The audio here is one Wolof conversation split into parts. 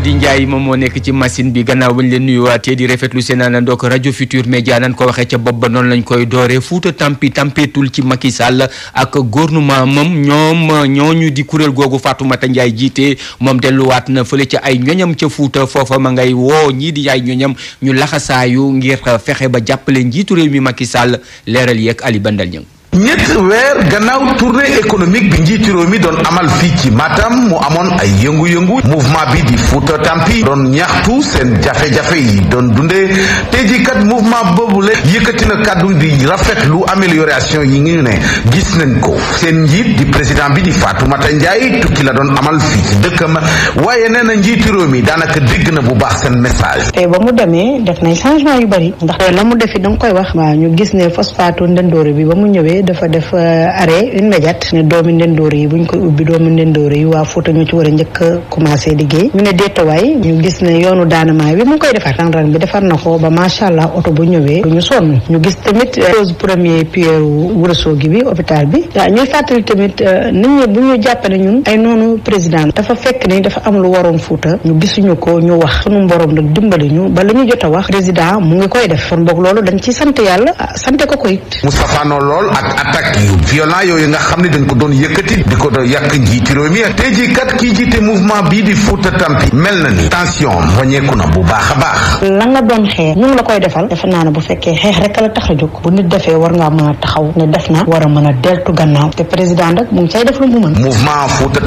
di Khady yi moom moo nekk ci machine bi gannaaw bañ leen nuyuwaatee di rafetlu seen àndandoog rajo Futur Média nan ko waxee ca bopp ba noonu lañ koy dooree Fouta tampi tampeetul ci Macky Sall ak gouvernement moom ñoom ñu di kuréel googu Fatoumata Ndiaye jiite moom delluwaat na fële ca ay ñoñam ca Fouta foofa ma ngay woo ñii di ay ñoñam ñu laxasaayu ngir fexe ba jàppale njiitu réew mi Macky sàll leeral yeeg Ali Bandal Niang ñett weer gannaaw tournée économique bi njiitu mi doon amal fii ci Matam mu amoon ay yëngu-yëngu mouvement bi di Fouta Tampi doon ñaxtu seen jafe-jafe yi doon dundee tey kat mouvement boobu la yëkkati na kàddu di lu amélioration yi ngi ne gis nañ ko seen njiit di président bi di Fatoumata Ndiaye tukki la doon amal fii ci dëkkam waaye nee na njiitu réew mi daanaka dégg na bu baax seen message. tey ba mu demee def nañ changement yu bari ndax la mu defi da nga ñëwee. bi dafa def euh, arrêt une médiate ne doomi ndendoor yi buñ koy ubbi doomi ndendoor yi waa Fuuta ñu ci war a njëkk a yoonu daanamaa bi mu ngi koy defar rang-rang bi defar na ko ba macha allah oto ñu sonn ñu gis tamit pose euh, premier pierre Ourossogui bi hôpital bi waaw ñuy fàttali tamit euh, nit ñi bu ñu jàpp ñun ay noonu président dafa fekk ni dafa am lu waroon Fuuta ñu gisuñu ko ñu wax sunu mboroom nag dimbali ñu ba la ñu jot a wax président mu ngi koy def kon boog loolu ci sant yàlla ah, sante ko ak attaque yu violent yooyu nga xam ne dañ ko doon yëkkati di ko doon yàq njiiti mi tey jii kat jiite mouvement bii di Fouta Tampi mel na ni tension wañeeku na bu a baax la nga doon xeex la koy defal defe a bu nit defee mën a taxaw ne def na war a mën a deltu gannaaw te président nag mu ngi cay def lu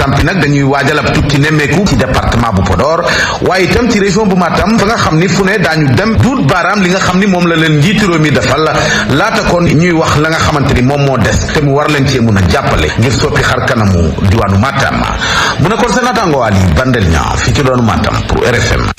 Tampi nag dañuy waajal ab tukki nemmeeku ci département bu Podor waaye itam ci région bu Matam fa nga xam ni fu ne daañu dem duut baaraam li nga xam ni moom la leen njiiti réew mi defal laata kon ñuy wax la nga xamante moom moo des te mu war leen cee mun a jàppale ngir soppi xar kanamu diwaanu Matam mu nekkoon seen naataango Aliou Bandel ñaa fii ci doonu Matam pour RFM